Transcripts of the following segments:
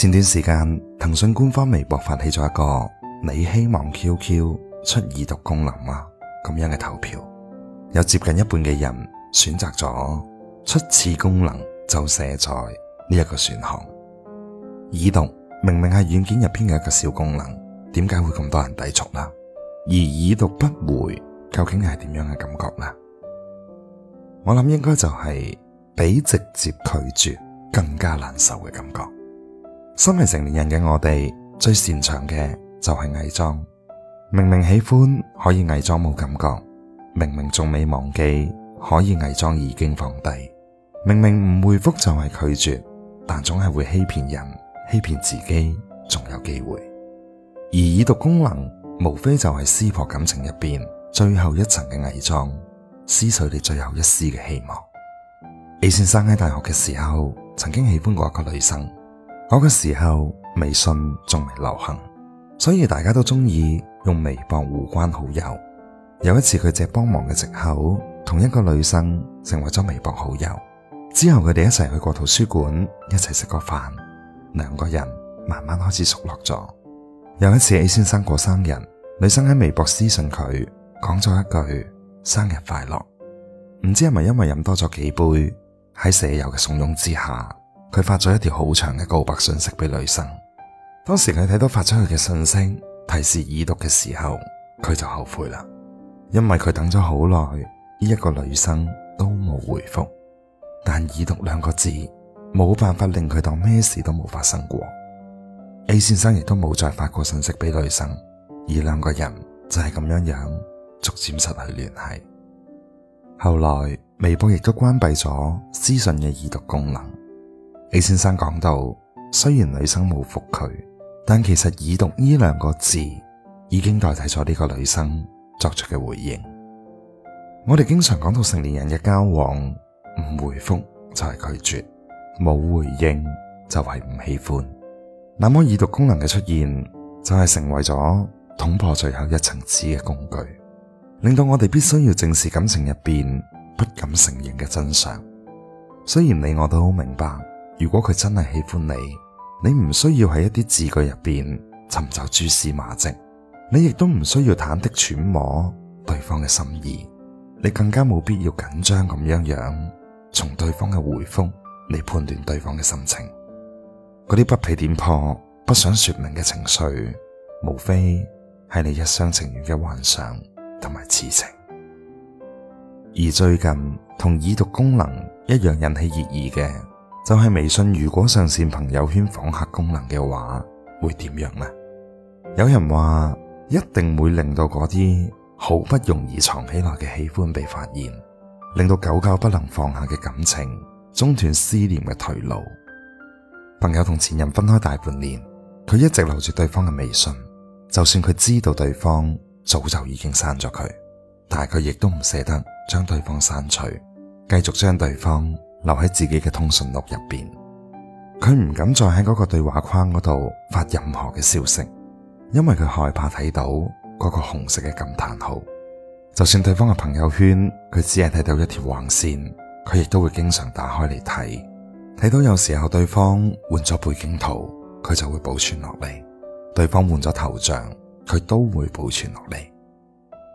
前段時間，騰訊官方微博發起咗一個你希望 QQ 出已讀功能嗎、啊，咁樣嘅投票，有接近一半嘅人選擇咗出此功能就卸載呢一個選項。已讀明明係軟件入邊嘅一個小功能，點解會咁多人抵觸呢？而已讀不回，究竟係點樣嘅感覺呢？我諗應該就係比直接拒絕更加難受嘅感覺。身為成年人嘅我哋最擅長嘅就係偽裝，明明喜歡可以偽裝冇感覺，明明仲未忘記可以偽裝已經放低，明明唔回復就係拒絕，但總係會欺騙人、欺騙自己，仲有機會。而已讀功能無非就係撕破感情入邊最後一層嘅偽裝，撕碎你最後一絲嘅希望。李先生喺大學嘅時候曾經喜歡過一個女生。嗰個時候，微信仲未流行，所以大家都中意用微博互關好友。有一次，佢借幫忙嘅借口，同一個女生成為咗微博好友。之後，佢哋一齊去過圖書館，一齊食過飯，兩個人慢慢開始熟絡咗。有一次，A 先生過生日，女生喺微博私信佢，講咗一句生日快樂。唔知係咪因為飲多咗幾杯，喺舍友嘅慫恿之下。佢發咗一條好長嘅告白信息俾女生，當時佢睇到發出去嘅信息提示已讀嘅時候，佢就後悔啦，因為佢等咗好耐，呢一個女生都冇回覆，但已讀兩個字冇辦法令佢當咩事都冇發生過。A 先生亦都冇再發過信息俾女生，而兩個人就係咁樣樣，逐漸失去聯繫。後來微博亦都關閉咗私信嘅已讀功能。李先生講到，雖然女生冇複佢，但其實已讀呢兩個字已經代替咗呢個女生作出嘅回應。我哋經常講到成年人嘅交往，唔回復就係拒絕，冇回應就係唔喜歡。那麼已讀功能嘅出現，就係、是、成為咗捅破最後一層紙嘅工具，令到我哋必須要正視感情入面不敢承認嘅真相。雖然你我都好明白。如果佢真係喜歡你，你唔需要喺一啲字句入邊尋找蛛絲馬跡，你亦都唔需要忐忑揣摩對方嘅心意，你更加冇必要緊張咁樣樣，從對方嘅回覆嚟判斷對方嘅心情。嗰啲不被點破、不想說明嘅情緒，無非係你一廂情願嘅幻想同埋痴情。而最近同已讀功能一樣引起熱議嘅。就係微信如果上線朋友圈訪客功能嘅話，會點樣呢？有人話一定會令到嗰啲好不容易藏起來嘅喜歡被發現，令到久久不能放下嘅感情中斷思念嘅退路。朋友同前任分開大半年，佢一直留住對方嘅微信，就算佢知道對方早就已經刪咗佢，但係佢亦都唔捨得將對方刪除，繼續將對方。留喺自己嘅通訊錄入邊，佢唔敢再喺嗰個對話框嗰度發任何嘅消息，因為佢害怕睇到嗰個紅色嘅感嘆號。就算對方嘅朋友圈，佢只係睇到一條橫線，佢亦都會經常打開嚟睇。睇到有時候對方換咗背景圖，佢就會保存落嚟；對方換咗頭像，佢都會保存落嚟。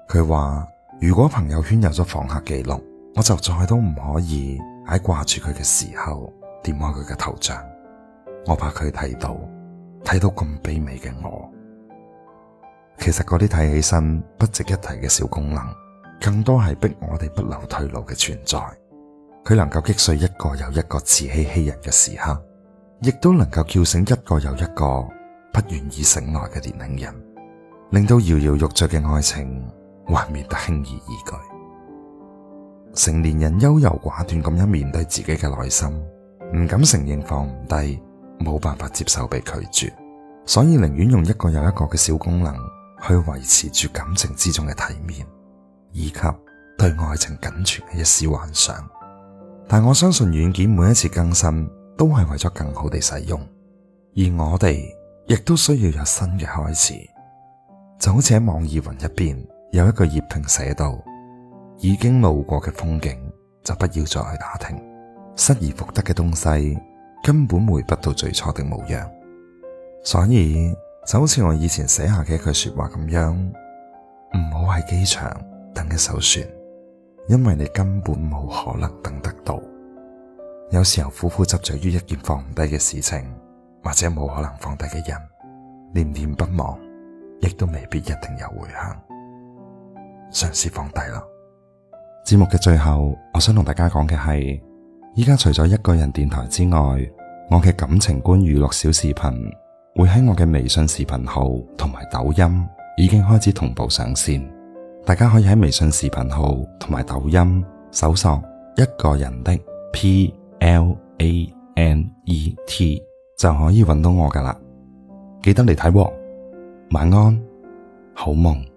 佢話如果朋友圈有咗訪客記錄，我就再都唔可以。喺掛住佢嘅時候，點開佢嘅頭像，我怕佢睇到，睇到咁卑微嘅我。其實嗰啲睇起身不值一提嘅小功能，更多係逼我哋不留退路嘅存在。佢能夠擊碎一個又一個自欺欺人嘅時刻，亦都能夠叫醒一個又一個不願意醒來嘅年輕人，令到搖搖欲墜嘅愛情幻滅得輕而易舉。成年人優柔寡斷咁樣面對自己嘅內心，唔敢承認放唔低，冇辦法接受被拒絕，所以寧願用一個又一個嘅小功能去維持住感情之中嘅體面，以及對愛情僅存嘅一絲幻想。但我相信軟件每一次更新都係為咗更好地使用，而我哋亦都需要有新嘅開始。就好似喺網易雲入邊有一個熱評寫到。已經路過嘅風景就不要再去打聽，失而復得嘅東西根本回不到最初的模樣。所以就好似我以前寫下嘅一句說話咁樣，唔好喺機場等一艘船，因為你根本冇可能等得到。有時候苦苦執着於一件放唔低嘅事情，或者冇可能放低嘅人，念念不忘，亦都未必一定有回響。嘗試放低啦。節目嘅最後，我想同大家講嘅係，依家除咗一個人電台之外，我嘅感情觀娛樂小視頻會喺我嘅微信視頻號同埋抖音已經開始同步上線，大家可以喺微信視頻號同埋抖音搜索一個人的 P L A N E T 就可以揾到我㗎喇，記得嚟睇喎，晚安，好夢。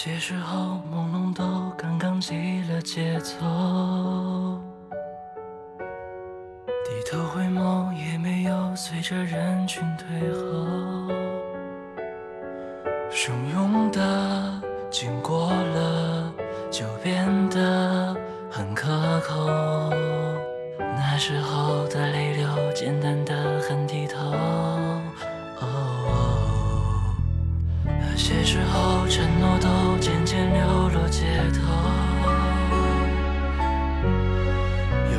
結束後，朦朧都剛剛起了節奏，低頭回眸也沒有隨着人群退後，洶湧的。